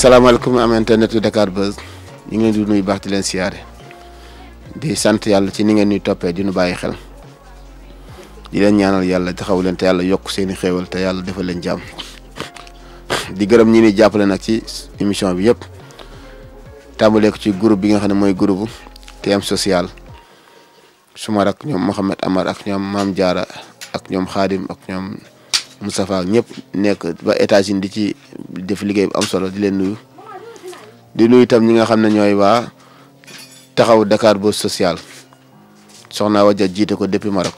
salaamaaleykum am internet yu Dakar Buzz ñu ngi leen di nuyu baax di leen siyaare di sant yàlla ci ni ngeen ñuy toppee di nu bàyyi xel di leen ñaanal yàlla taxaw leen te yàlla yokk seeni xéewal te yàlla defal leen jàmm di gërëm ñi ni jàppale nag ci émission bi yëpp tàmbalee ci group bi nga xam ne mooy groupe TM social suma rak ñoom Mouhamed Amar ak ñoom Maam Jaara ak ñoom Xaadim ak ñoom. Moustapha ak ñëpp nekk ba états une di ci def liggéey bu am solo di leen nuyu di nuyu itam ñi nga xam ne ñooy waa taxaw dakaar Bourse social soxna Wadja jiite ko depuis Maroc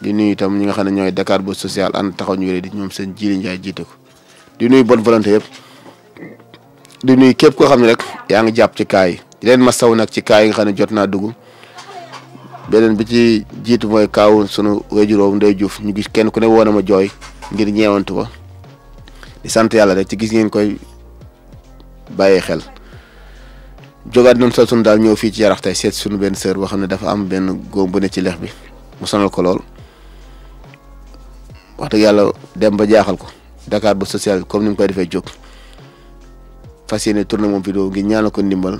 di nuyu tam ñi nga xam ne ñooy Dakar Bourse Sociale ànd taxaw ñu wéree di ñoom seen jili Ndiaye jiite ko di nuyu bonne volonté yëpp di nuyu képp koo xam ne rek yaa ngi jàpp ci kaa yi di leen masaw nag ci kaa yi nga xam ne jot naa dugg beneen bi ci jiitu mooy kaawu sunu wéjuróom Ndeye Diouf ñu gis kenn ku ne woon na ma jooy ngir ñeewantu ko di sant yàlla rek ci gis ngeen koy bàyyee xel jógaat noonu sa sunu daal ñëw fii ci yarax tey seet sunu benn sœur boo xam ne dafa am benn góom bu ne ci lex bi mu sonal ko lool wax dëgg yàlla dem ba jaaxal ko dakaar ba social comme ni mu koy defee jóg fas yéene tourné moom vidéo ngir ñaanal ko ndimbal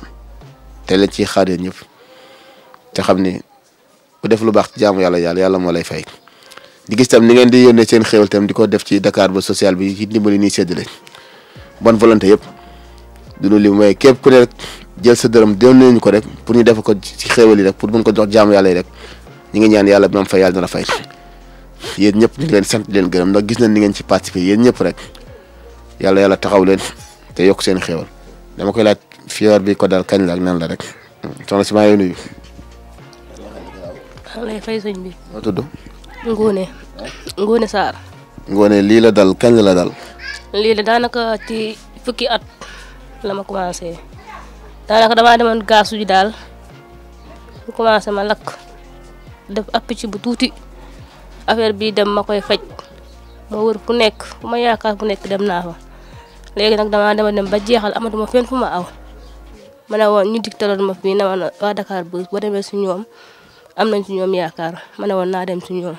te leen ciy xaar yéen ñëpp te xam ne bu def lu baax ci jaamu yàlla yàlla yàlla moo lay fay. di gis tam ni ngeen di yónnee seen xéwal tam di ko def ci Dakar bi social bi ci ndimbali nii séddale bonne volonté yëpp du li mooy képp ku ne rek jël sa dërëm delloo ñu ko rek pour ñu def ko ci xéwal yi rek pour mun ko jox jaamu yàlla rek ñi ngi ñaan yàlla bi am fay dana fay yéen ñëpp di leen sant leen gërëm ndax gis nañ ni ngeen ci participer yéen ñëpp rek yàlla yàlla taxaw leen te yokk seen xéwal dama koy laaj fièvre bi ko daal kañ la ak nan la rek soxna si maa ngi nuyu. maa tudd. Ngone. ngoone Sarr. Ngone lii la dal kañ la dal. lii la daanaka ci fukki at la ma commencé daanaka damaa demoon gaasu ji daal mu commencé ma lakk def ab picc bu tuuti affaire bi dem ma koy faj ma wër ku nekk fu ma yaakaar fu nekk dem naa fa léegi nag damaa dema dem ba jeexal amatuma fenn fu ma aw ma ne woon ñu digtaloon ma fii ne ma waa Dakar bu ba demee si ñoom am nañ si ñoom yaakaar ma ne woon naa dem si ñoom.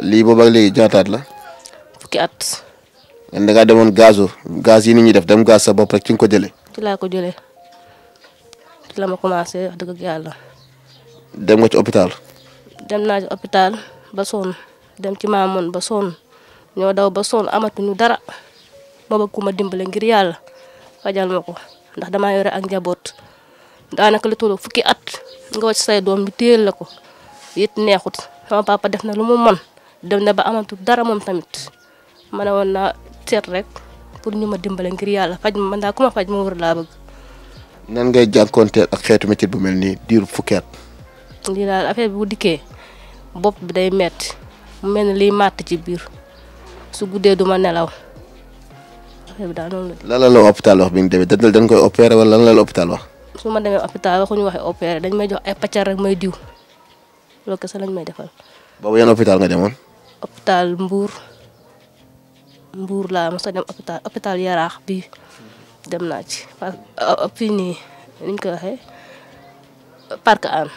lii boobu ak léegi la. fukki at. da ngaa demoon gazo gaz yi ni ñuy def dem gaz sa bopp rek ci nga ko jëlee. ci laa ko jëlee ci la ma commencé wax dëgg yàlla. dem nga ci hôpital. dem naa ci hôpital ba soon dem ci maamoon ba soon ñoo daw ba sonn amatuñu dara ma bëgg ku dimbale ngir yàlla fajal ma ko ndax dama yore ak njaboot daanaka lu tollu fukki at nga wàcc say doom bi téel la ko it neexut. sama papa def na lu mu mën dem na ba amatul dara moom tamit ma ne woon naa seet rek pour ñu ma dimbale ngir yàlla faj ma man daa ku faj ma wër laa bëgg. nan ngay ak xeetu métier bu mel nii diiru fukki lii daal affaire bi bu dikkee bopp bi day metti mel ni liy màtt ci biir su guddee du ma nelaw affaire bi daal noonu la. lan la hôpital wax bi ñu demee dañ dañ koy opérer wala lan la hôpital wax. su ma demee hôpital waxuñu waxee opérer dañ may jox ay pàccar rek may diw. loolu kese lañ may defal. boobu yan hôpital nga demoon. hôpital Mbour Mbour laa mos a dem hôpital hôpital Yaraax bi dem naa ci euh, fii nii ni ñu ko waxee parc Hann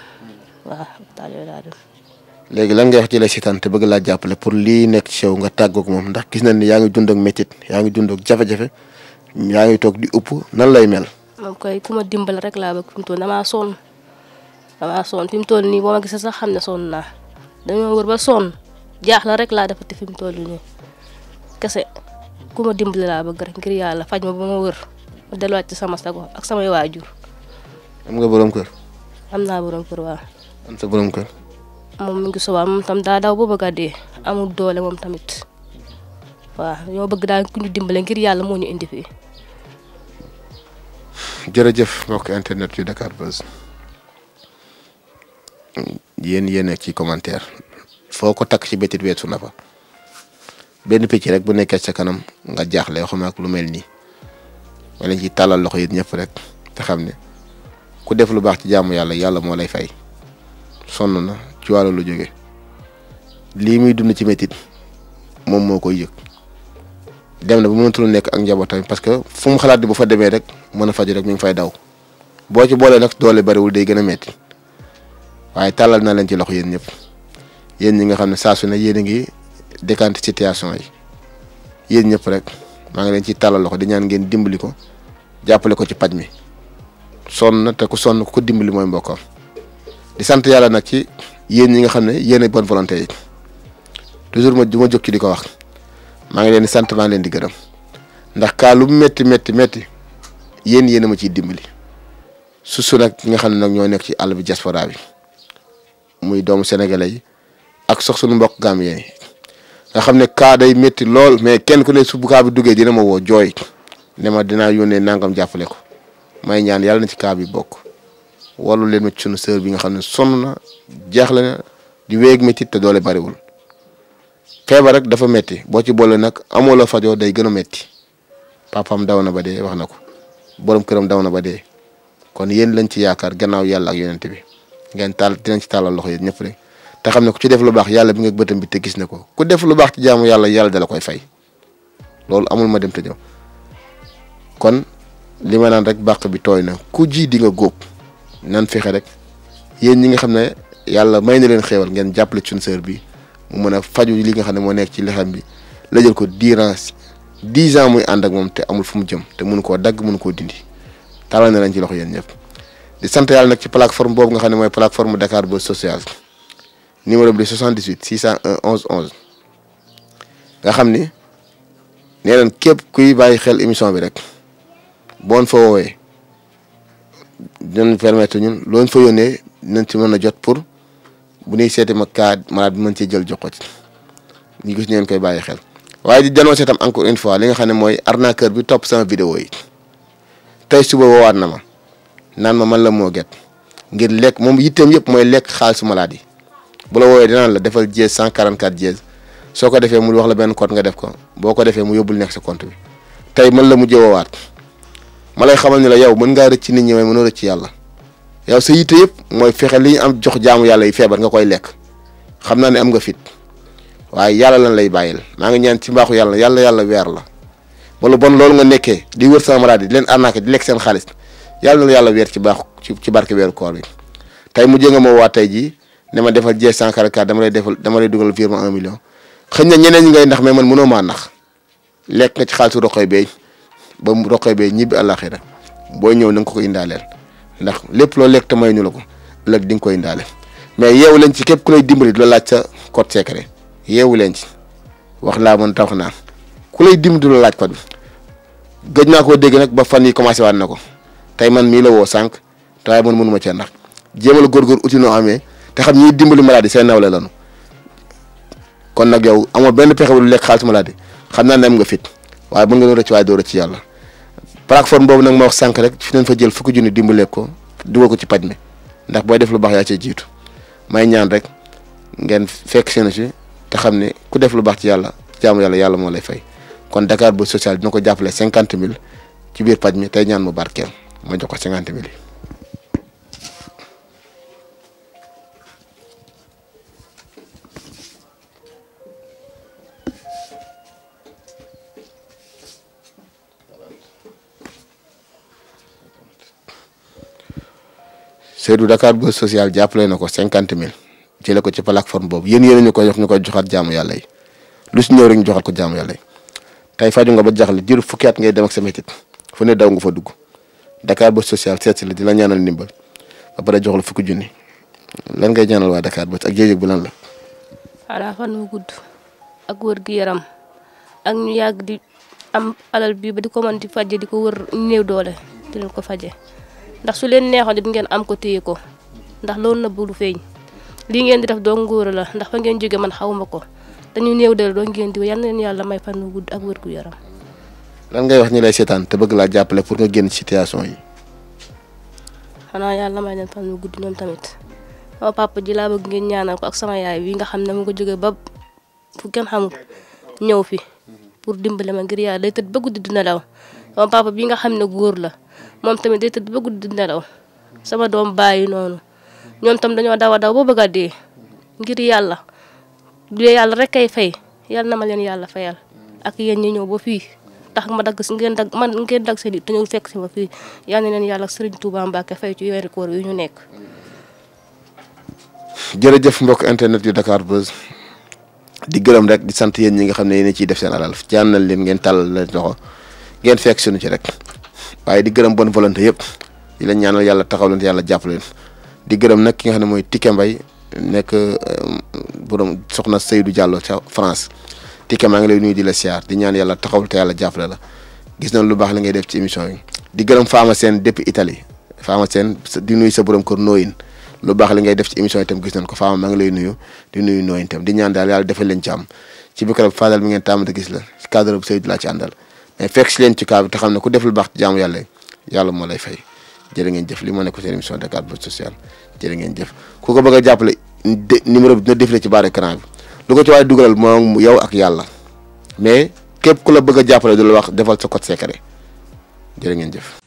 waaw hôpital yooyu laa léegi lan nga wax ci lay seetaan te bëgg laa jàppale pour li nekk ci yow nga tàggoog moom ndax gis na ni yaa ngi dund ak yaa ngi dund ak jafe-jafe yaa ngi toog di upp nan lay mel. moom koy ku dimbal rek laa bëgg fi mu toll damaa damaa sonn fi mu toll nii boo ma gisee xam ne sonn naa dañoo wër ba sonn jaaxle rek laa defati fi mu toll nii kese ku dimbali laa bëgg rek yàlla faj ma wër ma sama sago ak samay waajur. am nga borom kër. am naa borom kër waaw. am sa borom kër. moom mi ngi subaa moom tam daa daw ba dee amul doole moom tamit waaw ñoo bëgg daal ku ñu dimbale ngir yàlla moo ñu indi fii. jërëjëf mbokk internet yu Dakar Buzz. yéen yéen a ci commentaire foo ko takk ci bétit weesu na fa benn picc rek bu nekkee sa kanam nga jaaxle waxuma ak lu mel nii wala ci tàllal loxo yéen ñëpp rek te xam ne ku def lu baax ci jaamu yàlla yàlla moo lay fay sonn na ci wàllu lu jóge lii muy dund ci métit moom moo koy yëg dem na ba mënatul nekk ak njabootam parce que fu bu fa demee rek mën a faju rek mi ngi fay daw boo ci boolee nag doole bariwul day gën a metti waaye tàllal na leen ci loxo yéen ñëpp yéen ñi nga xam ne saa su ne yéen a ngi décanté situation yi yéen ñëpp rek maa ngi leen ciy tàllal loxo di ñaan ngeen dimbali ko jàppale ko ci paj mi sonn na te ku sonn ku ko dimbali mooy mbokkam di sant yàlla nag ci yéen ñi nga xam ne yéen ay bonne yi toujours ma du ma jóg ci di ko wax maa ngi leen di sant maa leen di gërëm ndax kaa lu métti métti métti yéen yéen a ma ciy dimbali su su nag ñi nga xam ne nag ñoo nekk ci àll bi diaspora bi muy doomu sénégalais ak sox suñu mbokk gambien yi nga xam ne kaa day métti lool mais kenn ku ne su bu kaa bi duggee dina ma woo jooy ne ma dinaa yónnee nangam jàppale ko may ñaan yàlla na ci kaa bi bokk wallu leen ma ci sunu sœur bi nga xam ne sonn na jaaxle na di wéeg métti te doole bariwul feebar rek dafa metti boo ci boole nag amoo la fajoo day gën a métti papaam daw na ba dee wax na ko boroom këram daw na ba dee kon yéen lañ ci yaakaar gannaaw yàlla ak yonent bi ngeen taal dinañ ci tàllal loxo yéen ñëpp rek te xam ne ku ci def lu baax yàlla bi nga bëtam bi te gis na ko ku def lu baax ci jaamu yàlla yàlla dala koy fay loolu amul ma dem te ñëw kon li ma naan rek bàq bi tooy na ko ji di nga góob nan fexe rek yéen ñi nga xam ne yàlla may na leen xéewal ngeen jàppale suñu sœur bi mu mën a faju li nga xam ne moo nekk ci lexam bi la jël ko dirance dix ans muy ànd ak moom te amul fu mu jëm te mun koo dagg mënu koo dindi tàllal ne lañ ci loxo yéen ñëpp. di sant yàlla nag ci plateforme boobu nga xam ne mooy plateforme Dakar Buzz Social numéro bi di 78 601 11 11 nga xam ni nee nañ képp kuy bàyyi xel émission bi rek boon fa woowee dinañ permettre ñun looñ fa yónnee dinañ ci mën a jot pour bu nuy seeti ma cas malade bi mën cee jël jox ko ci ñu gis ngeen koy bàyyi xel. waaye di dénoncer tam encore une fois li nga xam ne mooy arnaqueur bi topp sama vidéo yi tey suba woowaat na ma. naan ma man la moo get ngir lekk moom yitteem yëpp mooy lekk xaalisu malade yi bu la woowee dinaan la defal cent dièse 144 dièse soo ko defee mu wax la benn compte nga def ko boo ko defee mu yóbbul nekk sa compte bi tey man la mu jëwawaat ma lay xamal ni la yow mën ngaa rëcc nit ñi may mënoo rëcc yàlla yow sa yitte yëpp mooy fexe li ñu am jox jaamu yàlla yi feebar nga koy lekk xam naa ne am nga fit waaye yàlla la lay bàyyil naa ngi ñaan ci mbaaxu yàlla yàlla yàlla weer la wala bon loolu nga nekkee di wër sama malade leen arnaqué di lekk seen xaalis yàlla na yàlla weer ci baax ci barke weeru koor bi tey mu jënga ma waa tey jii ne ma defal jeex 144 dama lay defal dama lay dugal virement 1 million xëy na ñeneen ñi ngay ndax mais man mënoo maa ndax lekk nga ci xaalisu roqoy beey ba mu roqoy beey ñibbi àllaaxira booy ñëw na ko ko indaaleel ndax lépp loo lekk te may ñu la ko ëllëg di nga koy indaale mais yeewu leen ci képp ku lay dimbali di la laaj sa code secret yeewu leen ci wax laa mën tax naa ku lay dimbali di laaj code bi gëj naa koo dégg nag ba fan yi commencé waat na ko. tey man mii la woo sànq te waaye man mënuma cee ndax jéemal góorgóor uti noo amee te xam ñuy dimbali malade yi seen nawle lanu kon nag yow amoo benn pexe bu lekk xaalis malade xam naa ne nga fit waaye mën nga doon rëcc waaye doo ci yàlla plateforme boobu nag ma wax rek fi fa jël fukki junni dimbalee ko dugal ko ci paj mi ndax booy def lu baax yaa jiitu may ñaan rek ngeen fekk seen si te xam ne ku def lu baax ci yàlla jaamu yàlla yàlla moo lay fay kon Dakar boo Social dina ko jàppale cinquante mille ci biir paj mi tey ñaan mu barkeel ma jox ko cinquante mille Seydou Dakar Buzz social jàppale na ko cinquante mille jëlee ko ci plateforme boobu yéen yéen ñu ko jox ñu koy joxaat jaamu yàlla yi lu si ñëw rek joxaat ko jaamu yàlla yi faju nga ba jaxle diiru fukki at ngay dem ak sa métit ne daw nga fa dugg. Dakar Buzz social seet si la di la ñaanal ndimbal ba pare jox la fukki junni lan ngay ñaanal waa Dakar Buzz ak jéeg bu lan la. voilà fan wu gudd ak wër gi yaram ak ñu yàgg di am alal bii ba di ko mën di fajje di ko wër néew doole di leen ko fajje ndax su leen neexoon di ngeen am ko téye ko ndax loolu na bulu feeñ lii ngeen di def doo ngóor la ndax fa ngeen jóge man xawma ko dañu néew doole doo ngeen di yal na yàlla may fan wu gudd ak wër gu yaram. lan ngay wax ñi lay seetaan te bëgg laa jàppale pour nga génn situation yi. yàlla may leen gudd ñoom tamit sama papa ji laa bëgg ngeen ñaanal ko ak sama yaay wi nga xam ne mu ko jógee ba fu kenn xamul ñëw fi pour dimbale ma ngir yàlla day tëdd ba guddi du nelaw sama nga xam ne góor la moom tamit day tëdd ba guddi du nelaw sama doom bàyyi noonu ñoom tam dañoo daw a daw ba bëgg a dee ngir yàlla du yàlla rek kay fay yàlla na ma leen yàlla fayal ak yéen ñi ñëw ba fii. tax ma dagg si ngeen dagg man ngeen dagg seen i te ñëw fekk si ma fii yal na leen yàlla Serigne Touba Mbacke fay ci weeru koor yu ñu nekk. jërëjëf mbokk internet yu Dakar Buzz di gërëm rek di sant yéen ñi nga xam ne yéen a ciy def seen alal ñaanal leen ngeen tàllal leen loxo ngeen fekk suñu ci rek waaye di gërëm bon volonté yëpp di leen ñaanal yàlla taxaw leen yàlla jàpp leen di gërëm nag ki nga xam ne mooy Tické Mbaye nekk eh, borom soxna Seydou Diallo ca France. Tike maa ngi lay nuyu di la siyaar di ñaan yàlla taxawul te yàlla jàppale la gis nañ lu baax la ngay def ci émission yi di gërëm Fama Sène depuis Italie Fama Sène di nuyu sa borom kër nooyin lu baax la ngay def ci émission yi itam gis nañ ko Fama maa ngi lay nuyu di nuyu nooyin itam di ñaan daal yàlla defal leen jàmm ci bi karab Fadal mi ngeen tàmmate gis la ci cadre bu Seydou laa ci àndal mais fekk si leen ci kaa bi te xam ne ku def lu baax ci jaamu yàlla yàlla moo lay fay jërë ngeen jëf li ma nekk seen émission Dakar Buzz Social jërë ngeen ko bëgg a jàppale bi dina défilé ci barre écran bi lu ko ci waaye dugalal moom yow ak yàlla mais képp ku la bëgg a jàppale du la wax defal sa code secret jërë ngeen jëf